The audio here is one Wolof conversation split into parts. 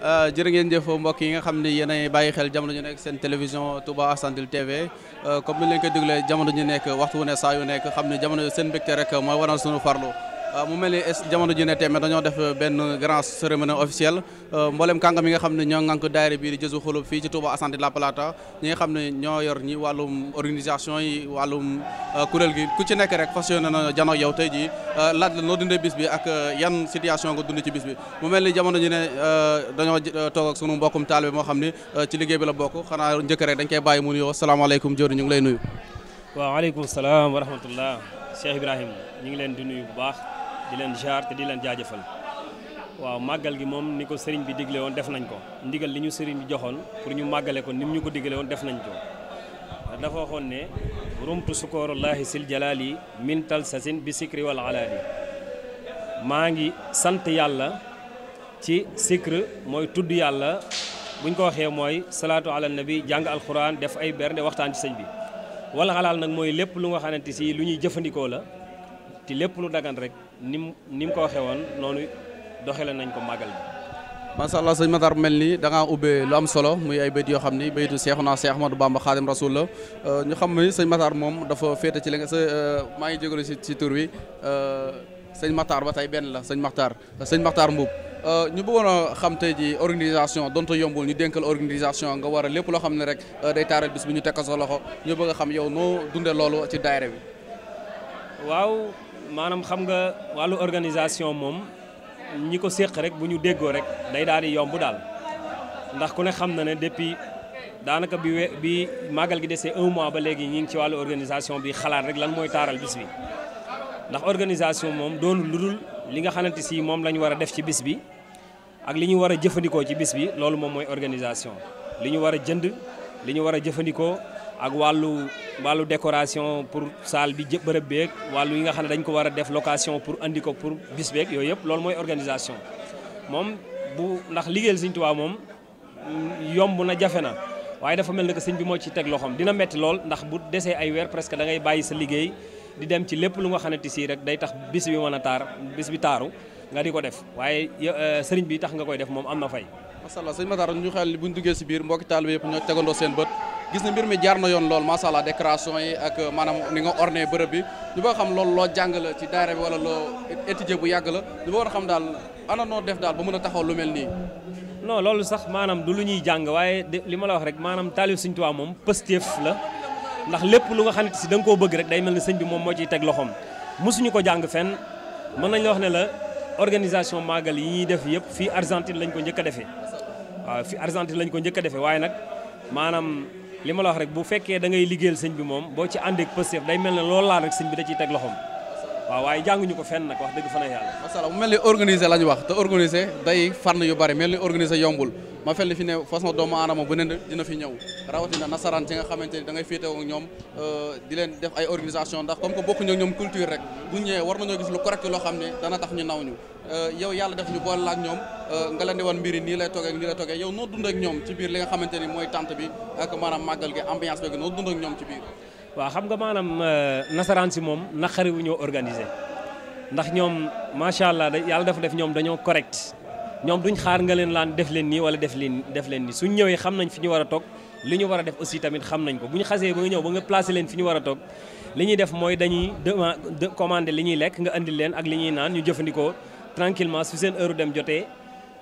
Euh, jërë ngeen jëf mbokk yi nga xam ne yéenay bàyyi xel jamono ñu nekk seen télévision Touba Argentine TV euh, comme ni leen koy déglee jamono ñu nekk waxtu wu ne saa yu nekk xam ne jamono seen mbégte rek mooy waral sunu farlu Euh, mu mel ni jamono ji ne tamit dañoo def benn grand cérémonie officielle euh, mboolem kàngam yi nga xam ne ñoo ngànk daayira bii di Jazbul Xulub fii ci Touba Argentine de La Plata ñi nga xam ne ñoo yor ñi wàllum organisation yi wàllum euh, kuréel gi ku ci nekk rek fas yéene na janoo yow tey jii laaj la noo dundee bis bi ak yan situation nga dund ci bis bi mu mel ni jamono ji ne dañoo toog ak sunu mbokkum taalibe moo xam ne ci liggéey bi la bokk xanaa njëkk rek dañ koy bàyyi mu nuyoo salaamaaleykum jori ñu ngi lay nuyu waaw aleykum salaam wa rahmatullah Cheikh Ibrahim ñu ngi leen di nuyu bu baax di leen jaar te di leen jaajëfal waaw màggal gi moom ni ko sëriñ bi digle woon def nañu ko ndigal li ñu sëriñ bi joxoon pour ñu màggale ko ni mu ñu ko digle woon def nañ ko dafa waxoon ne rumtu sukoorullahi jalaal jalaali min talsasin bi sikri wal alaali maa ngi sant yàlla ci sikr mooy tudd yàlla buñ ko waxee mooy salaatu ala bi jàng alquran def ay bernde waxtaan ci sëñ bi wala xalaal nag mooy lépp lu nga xamante si lu ñuy jëfandikoo la te lépp lu dagan rek ni mu ni mu ko waxee woon noonu doxale nañ ko màggal bi macha allah sëñ Matar mel nii da ngaa lu am solo muy ay bayt yoo xam ni baytu Seexuna Seex Ahmadu Bamba Xaadim Rasul la euh, ñu xam ni sëñ Matar moom dafa féete ci li nga sa euh, maa ngi jégalu si si tur wi euh, sëñ Matar ba tey benn la sëñ Matar sëñ maxtaar Mbuub ñu bëggoon a xam tey ji organisation donte yombul ñu denkal organisation nga war a lépp loo xam ne rek day taaral bis bi ñu teg ko loxo ñu bëgg a xam yow noo dundee loolu ci daayira bi waaw maanaam xam nga wàllu organisation moom ñi ko séq rek bu ñu déggoo rek day daal di yomb daal ndax ku ne xam na ne depuis daanaka bi we bi màggal gi desee un mois ba léegi ñi ngi ci wàllu organisation bi xalaat rek lan mooy taaral bis bi ndax organisation moom doon lu dul li nga xamante si moom la ñu war a def ci bis bi ak li ñu war a jëfandikoo ci bis bi loolu moom mooy organisation li ñu war a jënd li war a jëfandikoo ak wàllu wàllu décoration pour salle bi jë bërëb beeg wàllu yi nga xam ne dañ ko war a def location pour indi ko pour bis yooyu yëpp loolu mooy organisation moom bu ndax liggéeyal Sëñ waa moom mm, yomb na jafe na waaye dafa mel na que sëñ bi moo ci teg loxoom dina metti lool ndax bu desee weer presque da ngay bàyyi sa liggéey di dem ci lépp lu nga xamante si rek day tax bis bi mën a taar bis bi taaru nga di ko def waaye euh, sëriñ bi tax nga koy def moom am na fay. macha allah sëñ Matar ñu xel buñ duggee si biir mbokki taalibe yëpp ñoo tegandoo seen bët. gis na mbir mi jaar na yoon lool macha allah décoration yi ak euh, maanaam ni nga orné bërëb bi ñu bëgg xam loolu loo jàng la ci daara bi wala loo étudier bu yàgg la ñu bëggoon xam daal ana noo def daal ba mën a taxaw lu mel nii. non loolu sax maanaam du lu ñuy jàng waaye li ma la wax rek maanaam taalib Sëñ waa moom pësteef la ndax lépp lu nga xamante si danga nga koo bëgg rek day mel ni sëñ bi moom moo ciy teg loxoom mosuñu ko jàng fenn mën nañ la wax ne la organisation màggal yi def yëpp fii Argentine lañ ko njëkk defee waaw fii Argentine lañ ko njëkk defee waaye nag li ma la wax rek bu fekkee dangay ngay liggéeyal sëñ bi moom boo ci ànd ak Pastef day mel ne loolu laal rek sëñ bi da ciy teg loxoom waaw waaye jànguñu ko fenn nag wax dëgg fa na yàlla. macha allah mu mel ni organiser la ñu wax te organiser day fànn yu bari mel ni organiser yombul ma felli fi ne façon doomu aadama bu ne dina fi ñëw rawatina nasaraan ci nga xamante ni da ngay féetewoo ak ñoom euh, di leen def ay organisation ndax comme que bokkuñu ñoom culture rek bu ñëwee war nañoo gis lu correct loo xam ne dana tax ñu naw ñu euh, yàlla def ñu boole ak ñoom euh, nga leen di wan mbir yi nii lay toogee nii lay toogee yow noo dund ak ñoom ci biir li nga xamante ni mooy tante bi ak maanaam màggal gi ambiance beeg noo ñoom waaw xam nga maanaam nasaraan si moom naqari wu ñoo organiser ndax ñoom macha allah yàlla dafa def ñoom dañoo correct ñoom duñ xaar nga leen laan def leen nii wala def leen def leen nii suñ ñëwee xam nañ fi ñu war a toog li ñu war a def aussi tamit xam nañ ko bu ñu xasee ba nga ñëw ba nga placé leen fi ñu war a toog li ñuy def mooy dañuy dem commandé li ñuy lekk nga andil leen ak li ñuy naan ñu jëfandikoo tranquillement su seen heure dem jotee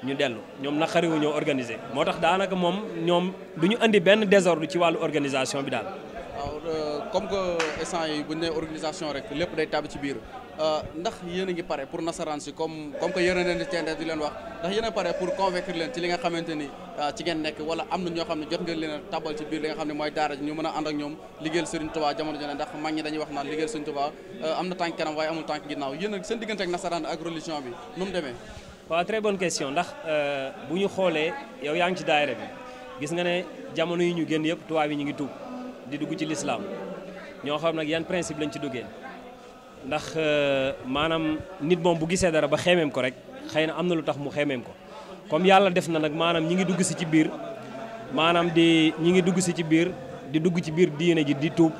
ñu dellu ñoom na naqariwu ñoo organisé moo tax daanaka moom ñoom du ñu indi benn désordre ci wàllu organisation bi daal waaw euh, comme que instant yi rek lépp day tàbb ci biir euh, ndax yéen a ngi pare pour nasaraan si comme comme que yéen a leen a pare pour convaincre leen ci li nga xamante ni euh, ci ngeen nekk wala am na ñoo xam ne jot ngeen leen a tàbbal ci biir li nga xam ne mooy daara ji ñu mën a ànd ak ñoom liggéeyal Serigne Touba jamono jone ndax mag ñi dañuy wax naan liggéeyal Serigne Touba am na tànk kanam waaye amul tànk ginnaaw yéen a seen diggante ak nasaraan ak religion bi nu demee waaw très bonne question ndax bu ñu xoolee yow yaa ngi ci daayira bi gis nga ne jamono yi ñu génn yëpp tubaab yi ñu ngi tuub di dugg ci lislaam ñoo xam nag yan principe lañ ci duggee ndax euh, maanaam nit moom bu gisee dara ba xeemeem ko rek xëy na am na lu tax mu xeemeem ko comme yàlla def na nag maanaam ñi ngi dugg si ci biir maanaam di ñi ngi dugg si ci biir di dugg ci biir diine ji di tuub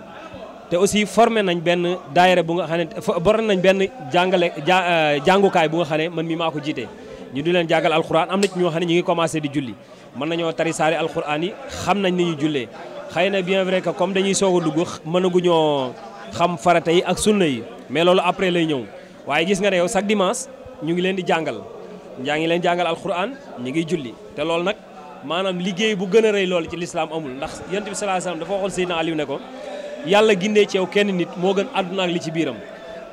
te aussi forme nañ benn daayira bu nga xam ne boron nañ benn jàngale euh, jàngukaay bu nga xam ne man mi maa ko jiite ñu di leen jàngal alxuraan am na ci ñoo xam ne ñu ngi commencé di julli mën nañoo tari saari alxuraan yi xam nañ ni ñu jullee xëy na bien vrai que comme dañuy soog a dugg mënaguñoo xam farata yi ak sunna yi mais loolu après lay ñëw waaye gis nga ne yow sag dimanche ñu ngi leen di jàngal njaa ngi leen jàngal alquran ñu ngi julli te loolu nag maanaam liggéey bu gën a rëy loolu ci lislaam amul ndax yonent bi sallallahu alayhi wasallam dafa waxoon Seydina Aliou ne ko yàlla gindee ci yow kenn nit moo gën àdduna ak li ci biiram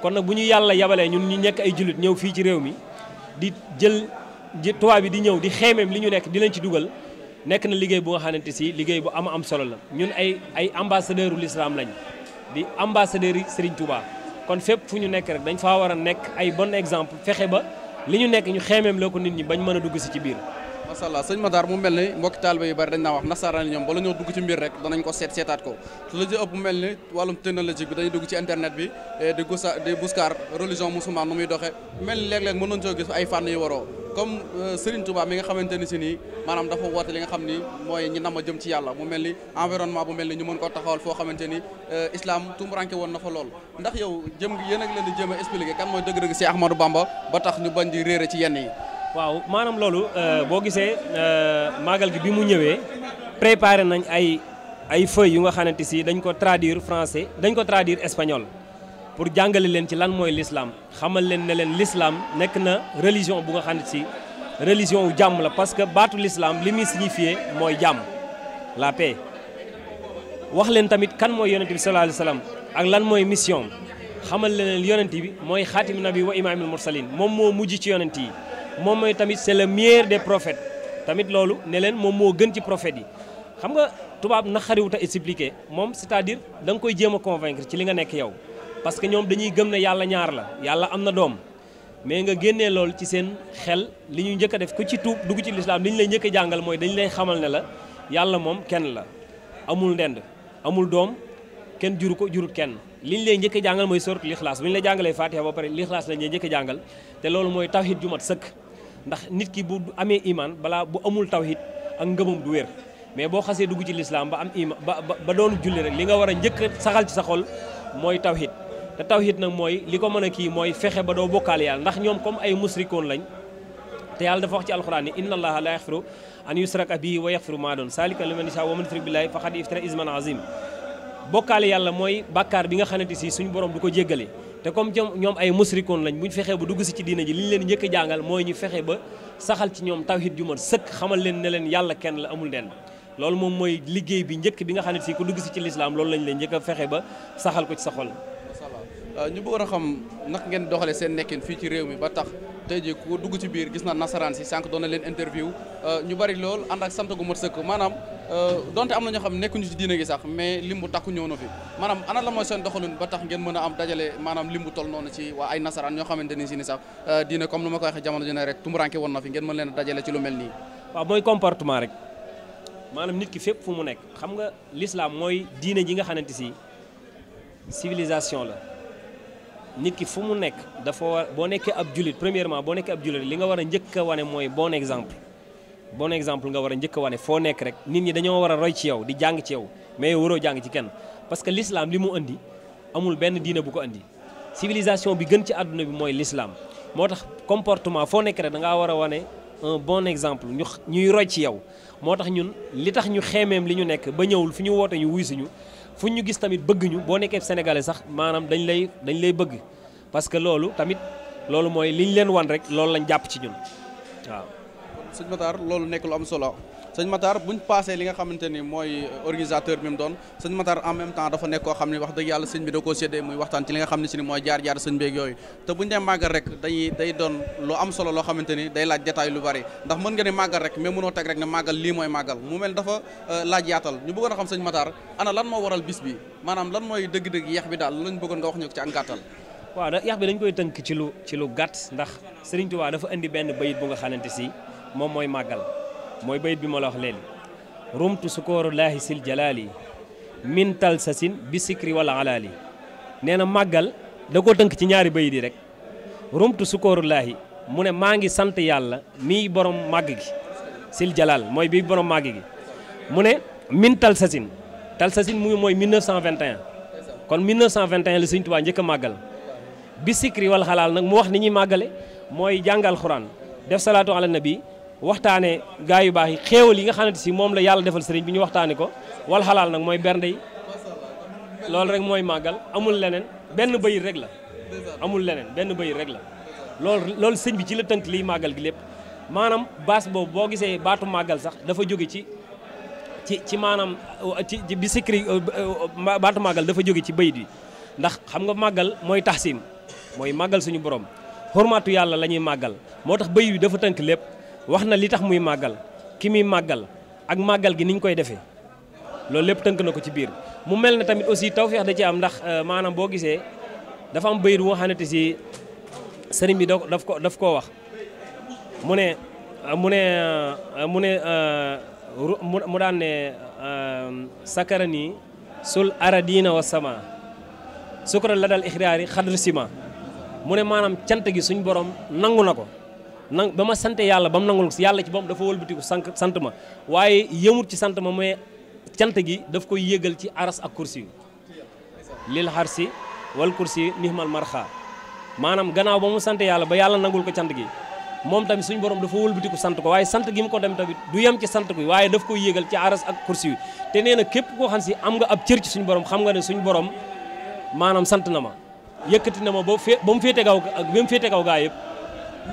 kon nag bu ñu yàlla yabalee ñun ñu nekk ay jullit ñëw fii ci réew mi di jël tubaab bi di ñëw di xeemeem li ñu nekk di leen ci dugal nekk na liggéey bu nga xamante si liggéey bu am am solo la ñun ay ay ambassadeur u l'islam lañ di ambassadeur yi Serigne Touba kon fépp fu ñu nekk rek dañ faa war a nekk ay bon exemple fexe ba li ñu nekk ñu xeemeem loo ko nit ñi bañ mën a dugg si ci biir macha allah ma Matar mu mel ni mbokki taalibe yu bari dañ naa wax nasaraan ñoom bala ñoo dugg ci mbir rek danañ ko seet seetaat ko te la ci ëpp mu mel ni wàllum technologique bi dañuy dugg ci internet bi eh, di gusa di buskaar religion musulmane nu muy doxe mel ni léeg-léeg mën nañ ay fànn yu waroo comme euh, Serigne Touba mi nga xamante ni si nii maanaam dafa woote li nga xam ni mooy ñi nama jëm ci yàlla mu mel ni environnement bu mel ni ñu mën ko taxawal foo xamante ni euh, islam tumuranke woon na fa loolu ndax yow jëm yéen ak leen di jéem a expliqué kan mooy dëgg-dëgg si Ahmadou Bamba ba tax ñu bañ di réere ci yenn yi waaw maanaam loolu euh, boo gisee màggal gi bi mu ñëwee préparer nañ ay ay feuilles yu nga xamante si dañ ko traduire français dañ ko traduire espagnol pour jàngale leen ci lan mooy lislaam xamal leen ne leen l'islam nekk na religion bu nga xam ne si religion wu jàmm la parce que baatu lislaam li muy signifié mooy jàmm la paix wax leen tamit kan mooy yonent bi sallallahu alayhi wa sallam ak lan mooy mission xamal leen yonent bi mooy xaatim nabi wa imaamul mursalin moom moo mujj ci yonent yi moom mooy tamit c'est le meilleur des prophètes tamit loolu ne moom moo gën ci prophètes yi xam tubaab na xariwut a expliqué moom c'est-à-dire da koy jéem a convaincre ci li nga nekk yow parce que ñoom dañuy gëm ne yàlla ñaar la yàlla am na doom mais nga génnee lool ci seen xel li ñuy njëkk a def ku ci tuub dugg ci lislaam li ñu lay njëkk jàngal mooy dañu lay xamal ne la yàlla moom kenn la amul ndend amul doom kenn juru ko jurut kenn li ñu lay njëkk a mooy suratul ixlaas bu ñu la jàngalee fatiha ba pare lixlaas lañ lay njëkk a jàngal te loolu mooy tawhid ju mat sëkk ndax nit ki bu amee imaan balaa bu amul tawhid ak ngëmam du wér mais boo xasee dugg ci lislaam ba am iman ba ba doon julli rek li nga war a njëkk saxal ci sa xol mooy tawhid te tawhid nag mooy li ko mën a kii mooy fexe ba doo bokkaale yàlla ndax ñoom comme ay musrikoon lañ te yàlla dafa wax ci alxuraan ni inna allaha la yaxfiru an yusraka bihi wa yaxfiru maa doon saalika liman yashaa wa man yushrik billahi faqad iftara isman azim bokkaale yàlla mooy bàkkaar bi nga xamante si suñu borom du ko jéggale te comme ñoom ay musrikoon lañ ñu fexe ba dugg si ci diina ji li ñu leen njëkk jàngal mooy ñu fexe ba saxal ci ñoom tawhid ju mat sëkk xamal leen ne leen kenn la amul den loolu moom mooy liggéey bi bi nga xam ne si ku dugg si ci lislaam loolu lañ leen njëkk a fexe ba saxal ko ci sa Euh, ñu bëggoon a xam naka ngeen doxalee seen nekkin fii ci réew mi ba tax tey jii ku dugg ci biir gis na nasaraan si sànq doon leen interview euh, ñu bari lool ànd ak sant gu mat sëkk maanaam euh, donte am na ñoo xam nekkuñu ci diine gi sax mais lim bu takku ñëw na fi maanaam ana la mooy seen doxalin ba tax ngeen mën a am dajale maanaam lim bu toll noonu ci waa ay nasaraan ñoo xamante ni si ni sax diine comme nu ma ko waxee jamono ji ne rek tumuranke woon na fi ngeen a dajale ci lu mel nii. waaw maanaam nit ki fépp fu mu nekk xam nga l'islam mooy diine ji nga xamante si civilisation la nit ki fu mu nekk dafa war boo nekkee ab jullit premièrement boo nekkee ab jullit li nga war a njëkk wane mooy bon exemple bon exemple nga war a njëkk a wane foo nekk rek nit ñi dañoo war a roy ci yow di jàng ci yow mais yow waroo jàng ci kenn parce que l'islam li mu indi amul benn diine bu ko indi civilisation bi gën ci àdduna bi mooy lislaam moo tax comportement foo nekk rek da ngaa war a wane un bon exemple ñu ñuy roy ci yow moo tax ñun li tax ñu xeemeem li ñu nekk ba ñëwul fu ñu woote ñu wuy fu ñu gis tamit bëgguñu boo nekkee sénégalais sax maanaam dañ lay dañ lay bëgg parce que loolu tamit loolu mooy liñ leen wan rek loolu lañ jàpp ci ñun waaw. sëñ Matar loolu nekk lu am solo sëñ Matar buñ passé li nga xamante ni mooy euh, organisateur bi mu doon sëñ Matar en même temps dafa nekk ko xam ne wax dëgg yàlla sëñ bi da koo séddee muy waxtaan ci li nga xam ne si ni mooy jaar-jaar sëñ beeg yooyu te buñ dee màggal rek dañuy day doon lu am solo loo xamante ni day laaj détail lu bari ndax mën nga ne màggal rek mais mënoo teg rek ne màggal lii mooy màggal mu mel dafa euh, laaj yaatal ñu bëggoon a xam sëñ Matar ana lan moo waral bis bi maanaam lan mooy dëgg-dëgg yeex bi daal lañ bëggoon nga wax ñu ci ak gàttal waaw da yax bi dañ koy ci lu ci lu gàtt ndax Serigne Touba dafa indi benn bayit bu nga xamante si moom mooy màggal mooy bayit bi ma la wax léegi rumtu sukoorullaahi sil jalaali min tal sa sin bi sikri nee na màggal da koo tënk ci ñaari bayit yi rek rumtu sukoorullaahi mu ne maa ngi sant yàlla mii borom màgg gi sil jalaal mooy bii borom màgg gi mu ne min tal sa sin tal sa sin mu mooy 1921 kon 1921 la Sëñ Tuubaa njëkk a màggal bi sikri wala xalaal nag mu wax ni ñuy màggale mooy jàngal xuraan def salaatu ala nabi waxtaanee gaa yu baax yi xéewal yi nga xamante si moom la yàlla defal sëriñ bi ñu waxtaane ko wal xalaal nag mooy bernde yi loolu rek mooy màggal amul leneen benn bayit rek la amul leneen benn bayit rek la loolu loolu sëñ bi ci la tënk liy màggal gi lépp maanaam baas boobu boo gisee baatu màggal sax dafa jóge ci ci ci maanaam ci bi sikri euh, euh, baatu màggal dafa jóge ci bayit bi ndax xam nga màggal mooy tax taxsiim mooy màggal suñu borom xormaatu yàlla la ñuy màggal moo tax bayit bi dafa tënk lépp wax na li tax muy màggal ki muy màggal ak màggal gi ni koy defee loolu lépp tënk na ko ci biir mu mel ne tamit aussi tawféex da ci am ndax euh, maanaam boo gisee dafa am bayit woo xamante si sëriñ bi daf ko daf koo wax mu ne euh, mu ne euh, mu ne mu daan ne sakara nii sul aradina wa sama sukara la dal ixraari xadr sima mu ne maanaam cant gi suñ borom nangu na ko nang ba ma sante yàlla ba mu nangul yàlla ci boppam dafa wëlbatiku sank sant ma waaye yëmut ci sant ma mais cant gi daf koy yégal ci aras ak kursi yu lil si wal kursi nihmal marxa maanaam gannaaw ba mu sant yàlla ba yàlla nangul ko cant gi moom tamit suñu borom dafa wëlbatiku sant ko waaye sant gi mu ko dem tamit du yem ci sant gi waaye daf koy yëgal ci aras ak kursi yu te nee na képp koo xam si am nga ab cër ci suñu borom xam nga ne suñu borom maanaam sant na ma yëkkati na ma ba mu féete kaw ak ba kaw gaa yëpp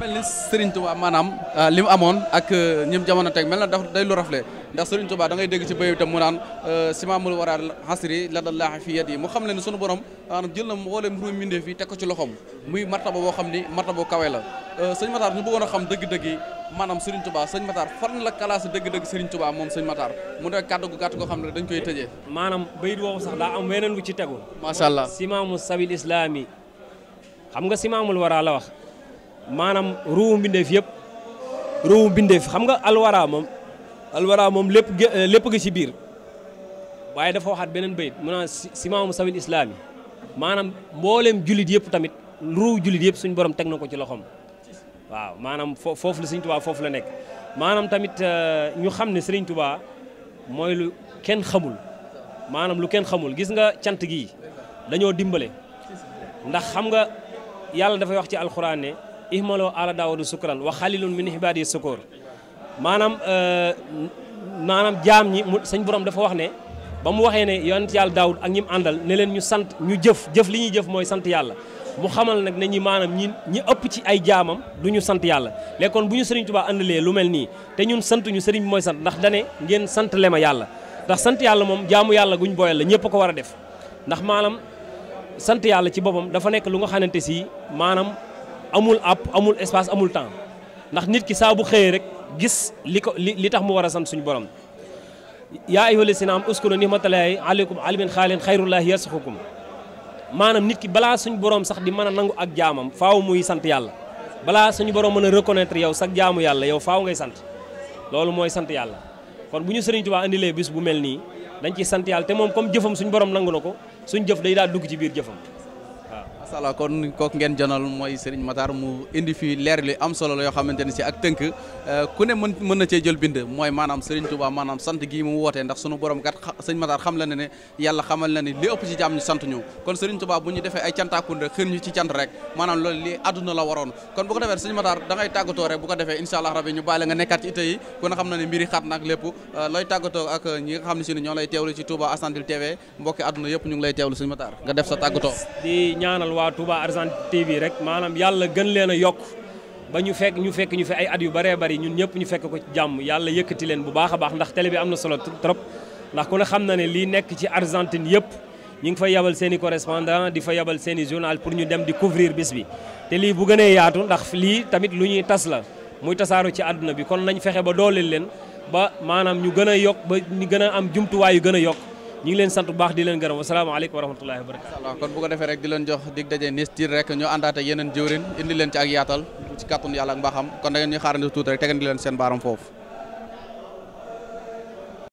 mel ni Serigne Touba maanaam euh, li mu amoon ak euh, ñim jamono teg mel na daf day lu rafle ndax Serigne Touba da ngay dégg ci béy itam mu naan euh, simaamul waral xasri la dallaahi fi yadi mu xam leen sunu borom maanaam jël na mboolem ruum mbindeef yi teg ko ci loxoom muy martaba boo xam ni martaba kawe la sëñ Matar ñu bëggoon a xam dëgg-dëgg maanaam Serigne Touba sëñ Matar fan dëgg-dëgg Serigne Touba moom sëñ Matar mu nekk kàddu gu gàtt goo xam ne dañ koy tëjee maanaam bayit woowu sax daa am weneen wu ci tegu macha allah simaamu sabil islaami xam nga simaamul waraa la wax maanaam ruuwu mbindeef yëpp ruuwu mbindeef xam nga alwara moom alwara moom lépp euh, lépp gi ci biir waaye dafa waxaat beneen bayit mu naa simaamu sawil islaam yi maanaam mbooleem jullit yëpp tamit ruuw jullit yëpp suñ borom teg na ko ci loxoom waaw maanaam foofu la Sëriñ Tuubaa foofu la nekk maanaam tamit euh, ñu xam ne Sëriñ Tuubaa mooy lu kenn xamul maanaam lu kenn xamul gis nga cant gi dañoo dimbale ndax xam nga yàlla dafay wax ci alxuraan ne ihmaloo ala daawudu sukran wa xalilun min ibaadi sukoor maanaam euh, maanaam jaam ñi mu sañ borom dafa wax ne ba mu waxee ne yonent yàlla daawud ak ñim àndal ne leen ñu sant ñu jëf jëf li ñuy jëf mooy sant yàlla mu xamal nag ne ñi maanaam ñi ñi ëpp ci ay jaamam du ñu sant yàlla léegi bu ñu sëriñ tubaa àndalee lu mel nii te ñun sant ñu sëriñ bi mooy sant ndax dane ngeen sant le ma yàlla ndax sant yàlla moom jaamu yàlla guñ booyal la ñëpp ko war a def amul app amul espace amul temps ndax nit ki saa bu xëyee rek gis li ko li li tax mu war a sant suñu borom yaa ayyuha llazina am uskuru ni'matallahi alaykum alimin xaalin xayrullahi yarsuqukum maanaam nit ki balaa suñu borom sax di mën a nangu ak jaamam faaw muy sant yàlla balaa suñu borom mën a reconnaître yow sax jaamu yàlla yow faaw ngay sant loolu mooy sant yàlla kon bu ñu Sëriñ Tuubaa indilee bis bu mel nii dañ ci sant yàlla te moom comme jëfam suñu borom nangu ko suñ jëf day dugg ci biir jëfam macha allah kon kooku ngeen jonal mooy Serigne Matar mu indi fii leer li am euh, mooy maanaam Serigne Touba maanaam sant gii mu wootee ndax sunu borom kat sëñ la ne ne na ne li ëpp ci bu ñu defee ay cantaakun rek xër ñu ci cant rek maanaam loolu li àdduna la waroon kon bu ko defee sëñ Matar da ngay tàggatoo rek bu ko defee incha allah rabbi ñu bàyyi la nga nekkaat ci yi ku ne xam na ne mbiri xat nag lépp euh, looy tàggatoo ak ñi xam ne si ñoo lay teewlu ci Touba Argentine TV mbokki àdduna yëpp ñu lay teewlu sëñ Matar nga def sa tàggatoo waa Touba Argentine TV rek maanaam yàlla gën leen a yokk ba ñu fekk ñu fekk ñu fi ay at yu bëree bëri ñun ñëpp ñu fekk ko ci jàmm yàlla yëkkati leen bu baax a baax ndax télé bi am na solo trop ndax ku ne xam na ne lii nekk ci Argentine yëpp ñu ngi fa yabal seen i di fa yabal seen i journal pour ñu dem di couvrir bis bi te lii bu gënee yaatu ndax lii tamit lu ñuy tas la muy tasaaru ci àdduna bi kon nañ fexe ba dooleel leen ba maanaam ñu gën a yokk ba gën am jumtuwaay yu gën a yokk ñu ngi leen sant bu baax di leen gërëm asalaamaaleykum wa rahmatullahi wa barakatu kon bu ko defee rek di leen jox dig daje nes tiir rek ñu àndaate yeneen jëwrin indi leen ci ak yaatal ci kàttun yàlla ak mbaaxam kon da ngeen ñu xaarandi tuuti rek tegandi leen seen baaram foofu